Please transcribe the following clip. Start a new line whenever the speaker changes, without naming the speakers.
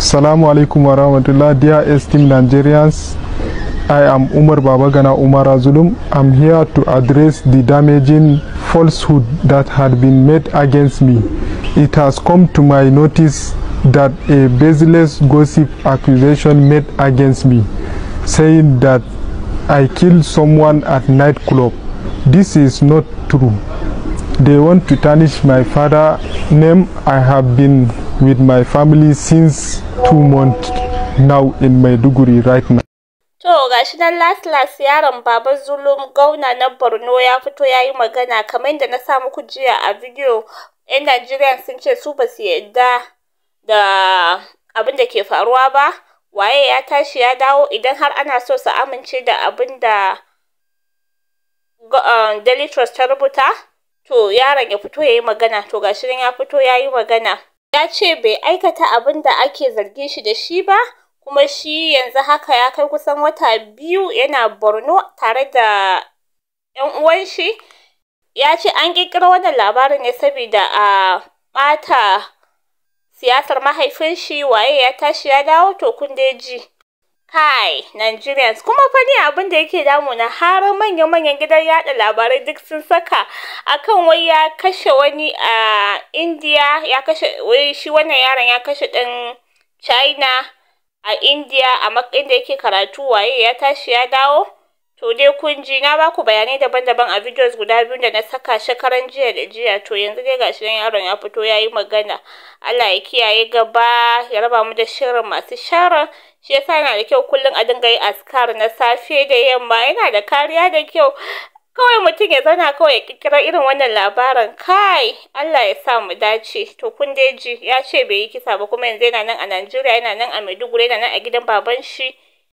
Salamu alaikum wa dear esteemed Nigerians. I am Umar Babagana Umar Azulum. I'm here to address the damaging falsehood that had been made against me. It has come to my notice that a baseless gossip accusation made against me, saying that I killed someone at nightclub. This is not true. They want to tarnish my father name. I have been with my family since two months now in Maiduguri right now.
To gashi nan last last yaron Baba Zulum gauna na Borno ya fito yayi magana kamar da na sa muku jiya a video yan Najeriya sun ce su ba su yadda da abin da ke faruwa ba waye ya tashi ya dawo idan har ana so su amince da abin da eh, Daily Trust ta rubuta to yaron ya fito yayi magana to gashi nan ya fito yayi magana ya ce bai aikata abin da ake zargin shi da shi ba, kuma shi yanzu haka ya kai kusan wata biyu yana Borno tare da ‘yan uwan shi. Ya ce an ƙirƙiro wannan labarin ne saboda a ɓata siyasar mahaifin shi waye ya tashi ya dawo to kun dai ji. Kai, Nigerians, kuma fa ni abin da yake damuna har manya-manyan gidan yada labarai duk sun saka akan wai ya kashe wani a India, ya kashe wai shi wannan yaron ya kashe din China a India a inda yake karatu waye ya tashi ya dawo. To dai kun ji na ba ku bayanai daban-daban a videos guda biyu da na saka shekaran jiya da jiya to yanzu dai gashi nan yaron ya fito yayi magana. Allah ya kiyaye gaba ya raba mu da shirin masu sharar. Shi yasa yana da kyau kullum a dinga yi askar na safe da yamma yana da kariya da kyau. Kawai mutum ya zauna kawai ya kirkira irin wannan labarin kai Allah ya sa mu dace to kun dai ji ya ce bai yi kisa ba kuma yanzu yana nan a Najeriya yana nan a Maiduguri yana nan a gidan baban shi.